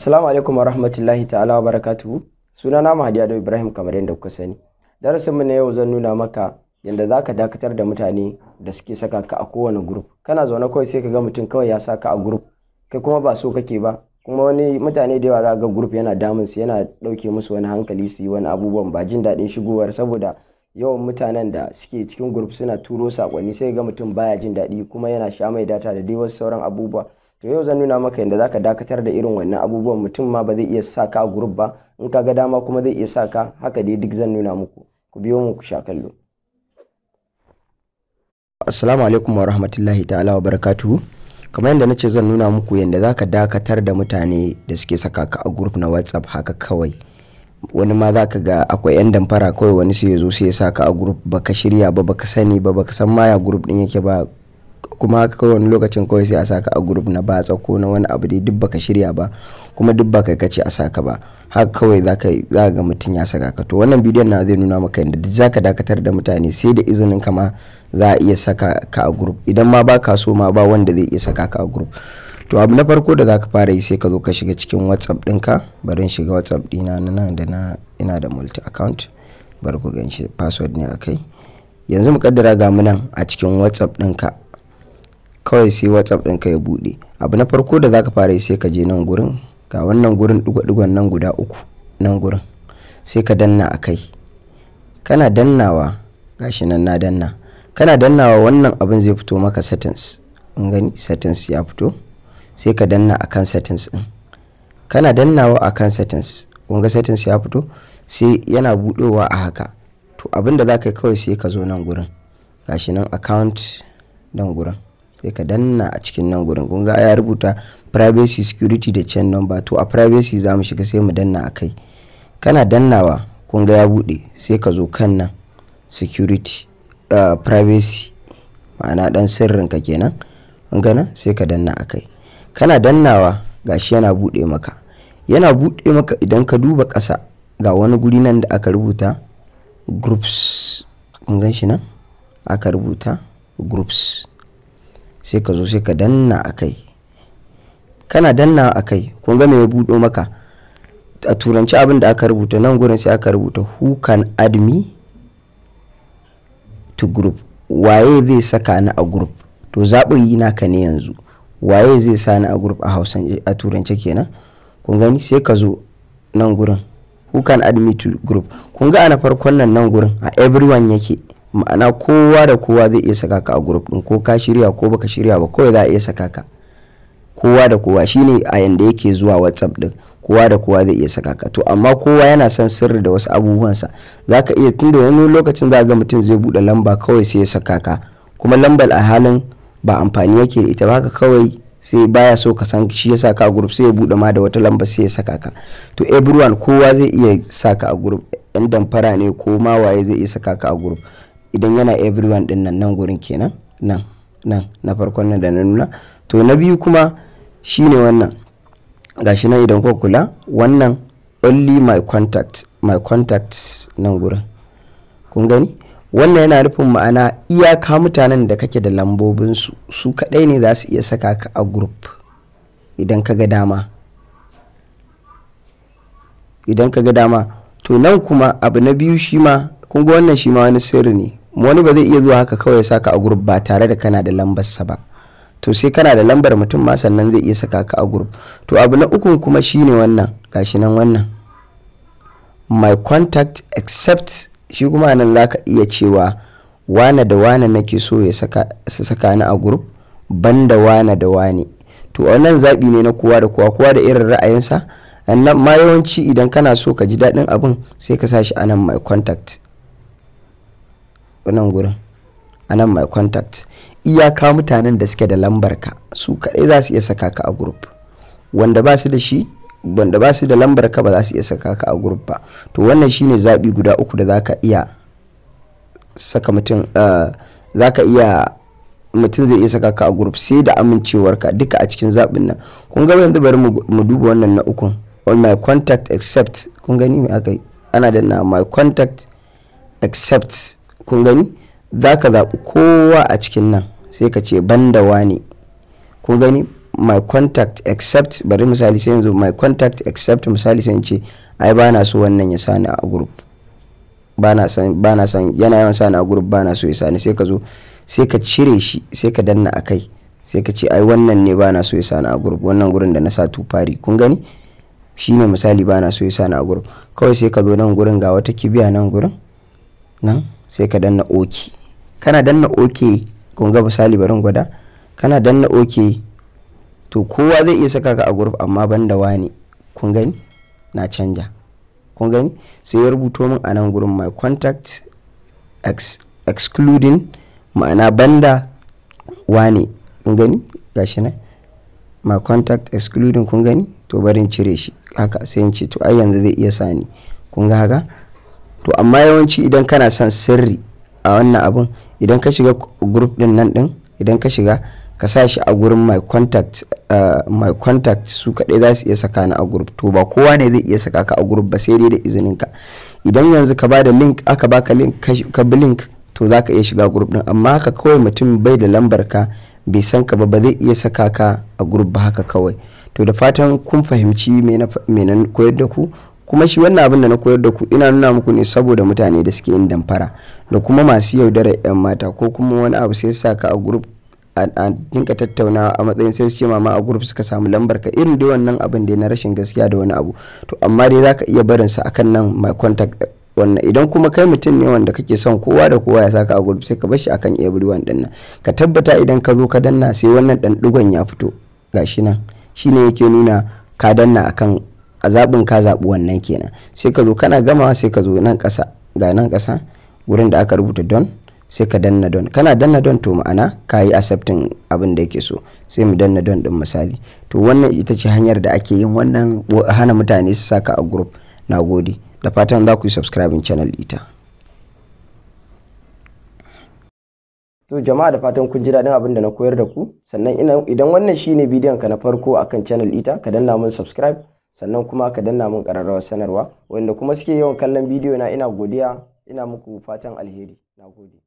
Assalamu alaikum wa rahmatullahi ta'ala wa barakatuhu. Suna na Mahadi Ado Ibrahim kamar yadda kuka sani. Darasin mu na yau zan nuna maka yadda za ka dakatar da mutane da suke saka ka a kowane group. Kana zaune kawai sai ka ga mutum kawai ya saka a group. Kai kuma ba so kake ba. Kuma wani mutane da yawa za ga group yana damun su yana dauke musu wani hankali su yi wani abubuwan ba jin daɗin shigowar saboda yawan mutanen da suke cikin group suna turo sakonni sai ga mutum baya jin daɗi kuma yana sha mai data da dai wasu sauran abubuwa. to yau zan nuna maka yadda zaka dakatar da irin wannan abubuwan mutum ma ba zai iya sa ka a group ba in ka ga dama kuma zai iya sa ka haka dai duk zan nuna muku ku biyo mu ku sha kallo assalamu alaikum wa rahmatullahi ta'ala wa barakatuhu kamar yadda nace zan nuna muku yadda zaka dakatar da mutane da suke saka ka a group na whatsapp haka kawai wani ma zaka ga akwai 'yan damfara kawai wani sai ya zo sai ya saka a group baka shirya ba baka sani ba baka san maya group din yake ba kuma kawai wani lokacin kawai sai a saka a group na batsa ko na wani abu dai duk baka shirya ba kuma duk baka kace a saka ba haka kawai zaka ka ga mutum ya saka ka to wannan bidiyon na zai nuna maka yadda duk zaka dakatar da mutane sai da izinin ka ma za a iya saka ka a group idan ma ba ka so ma ba wanda zai iya saka ka a group to abu na farko da zaka fara yi sai ka zo ka shiga cikin whatsapp dinka barin shiga whatsapp dina na nan da na ina da multi account bari ku ganshi password ne akai yanzu mu kaddara ga mu nan a cikin whatsapp ɗinka kawai sai whatsapp ɗinka ya buɗe abu na farko da zaka fara yi sai ka je nan gurin ga wannan gurin digon nan guda uku nan gurin sai ka danna a kai kana dannawa gashi nan na danna kana dannawa wannan abin zai fito maka settings in gani settings ya fito sai ka danna a kan settings ɗin kana dannawa a kan settings kun ga settings ya fito sai yana buɗewa a haka to abin da za ka yi kawai sai ka zo nan gurin gashi nan account nan gurin sai ka danna a cikin nan gurin kun ga ya rubuta privacy security da chain number to a privacy za mu shiga sai mu danna a kai kana dannawa kun ga ya bude sai ka zo kan nan security uh, privacy ma'ana dan sirrin ka kenan gana sai ka danna a kai kana dannawa gashi yana bude maka yana bude maka idan ka duba ƙasa ga wani guri nan da aka rubuta groups kun gan shi nan aka rubuta groups sai ka zo sai ka danna a kai kana danna a kai kun ga ya buɗo maka a turanci abin da aka rubuta nan gurin sai aka rubuta who can add me to group waye zai saka ni a group to zaɓin yi naka ne yanzu waye zai sa ni a group a hausan a turance kenan kun gani sai ka zo nan gurin who can add me to group kun ga ana farkon nan nan gurin a everyone yake ma'ana kowa da kowa zai iya saka ka a group din ko ka shirya ko baka shirya ba kowa za a iya saka ka kowa da kowa shine a yanda yake zuwa whatsapp din kowa da kowa zai iya saka ka to amma kowa yana son sirri da wasu abubuwan sa zaka iya tunda wani lokacin za ga mutum zai bude lamba kawai sai ya saka ka kuma lambar a halin ba amfani yake da ita ba haka kawai sai baya so ka san shi ya saka a group sai ya bude ma da wata lamba sai ya saka ka to everyone kowa zai iya saka a group yan damfara ne ko ma waye zai iya saka ka a group idan yana everyone din nan nan gurin kenan nan nan na farkon nan da na nuna to na biyu kuma shine wannan gashi nan idan ko kula wannan only my contact my contacts nan gurin kun gani wannan yana nufin ma'ana iyaka mutanen da kake da lambobinsu su kadai ne za su iya saka ka a group idan ka ga dama idan ka ga dama to nan kuma abu na biyu shi ma kun ga wannan shi ma wani sirri ne wani ba zai iya zuwa haka kawai ya saka a group ba tare da kana da lambarsa ba to sai kana da lambar mutum ma sannan zai iya saka ka a grup to abu na ukun kuma shine wannan gashi nan wannan my contact except shi kuma nan zaka iya cewa wane da wane nake so ya saka ni a group banda wane da wane to wannan zaɓi ne na kowa da kowa kowa da irin ra'ayinsa annan ma yawanci idan kana so ka ji daɗin abin sai ka sa shi anan my contact wannan gurin a nan my contact iyaka mutanen da suke da lambar ka su kaɗai za su iya saka ka a group wanda ba su da shi wanda ba su da lambar ka ba za su iya saka ka a group ba to wannan shine zabi guda uku da za ka iya saka mutum eh, zaka iya mutum zai iya saka ka a group sai da amincewarka duka a cikin zabin nan kun ga yanzu bari mu duba wannan na ukun on my contact except kun gani me akai ana da my contact except kun gani za ka zaɓi kowa a cikin nan sai ka ce banda wane kun gani my contact except bari misali sai yanzu my contact except misali sai ce ai ba na so wannan ya sani a group ba na san yana yawan sani a group ba na so ya sani sai ka zo sai ka cire shi sai ka danna a kai sai ka ce ai wannan ne ba na so ya sani a group wannan gurin da na sa tufari kun gani shine misali ba na so ya sani a group kawai sai ka zo nan gurin ga wata kibiya nan gurin nan sai ka danna ok kana danna ok kun ba misali barin gwada kana danna ok to kowa zai iya saka ka a group amma ban da wani kun gani na canja kun gani sai ya rubuto min a nan gurin my contact ex excluding ma'ana banda wane kun gani gashi na my contact excluding kun gani to barin cire shi haka sai in ce to ai yanzu zai iya sani kun ga haka to amma yawanci idan kana son sirri a wannan abun idan ka shiga group din nan din idan ka shiga ka sa shi a gurin my contact eh, my contact su kaɗai za su iya saka ni a group to ba kowa ne zai iya saka ka a group ba sai dai da izinin ka idan yanzu ka bada link aka baka link ka bi link to za ka iya shiga group din amma haka kawai mutum bai da lambar ka bai san ka ba ba zai iya saka ka a group ba haka kawai to da fatan kun fahimci me na koyar da ku kuma shi wannan abin da na koyar da ku ina nuna muku ne saboda mutane da suke yin damfara da kuma masu yaudarar 'yan mata ko kuma wani abu sai sa ka a group a dinka tattaunawa a matsayin sai suke mama a group suka samu lambar ka irin dai wannan abin da na rashin gaskiya da wani abu to amma dai zaka iya barin sa akan nan my contact wannan idan kuma kai mutum ne wanda kake son kowa da kowa ya saka a group sai ka bar shi akan everyone din nan ka tabbata idan ka zo ka danna sai wannan dan dugon ya fito gashi nan shine yake nuna ka danna akan a zaɓin ka zaɓi wannan kenan sai ka zo kana gama sai ka zo nan ƙasa ga nan ƙasa wurin da aka rubuta don sai ka danna don kana danna don to ma'ana ka yi accepting abin da yake so sai mu danna don din misali to wannan ita ce hanyar da ake yin wannan hana mutane su saka a group na gode da fatan za ku yi subscribing channel ita to jama'a da fatan kun ji daɗin abin da na koyar da ku sannan idan wannan shine bidiyon ka na farko akan channel ita ka danna mun subscribe sannan kuma ka danna mun ƙararrawar sanarwa wanda kuma suke yawan kallon bidiyo na ina godiya ina muku fatan alheri na gode